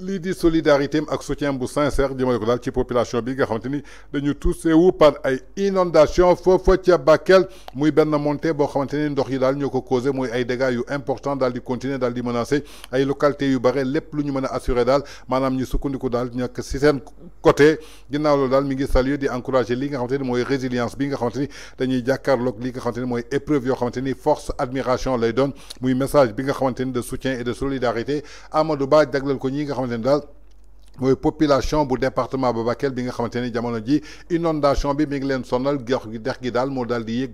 lii di solidarité ak soutien bu sincère jëmale ko dal ci population bi nga xamanteni dañu toussé wu par ay inondation fofu ci Bakel muy ben montée bo xamanteni ndox yi dal ñoko causer muy ay dégâts yu important dal di continuer dal di menacer ay localités yu bare lépp lu ñu mëna assurer dal manam ñu sukkundiku dal ñak ci seen côté ginnaaw lo dal mi ngi saluer di encourager li nga xamanteni moy résilience bi nga xamanteni ni dañuy jàkkaarloog li nga xamanteni moy épreuve yo xamanteni force admiration lay donne, muy message bi nga xamanteni de soutien et de solidarité Amadou Ba jagleel ko ñi nga xamante moy population bu département Babakel bi nga xamanteni jamono ji inondation bi mi ngi len sonal gi dex gi et di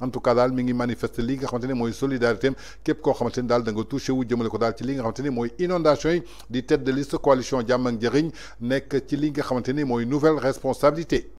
en tout cas dal mi ngi manifester li nga solidarité képp qu'on da nga touché wu ko dal ci li nga inondation di tête de liste coalition ak ci li nouvelle responsabilité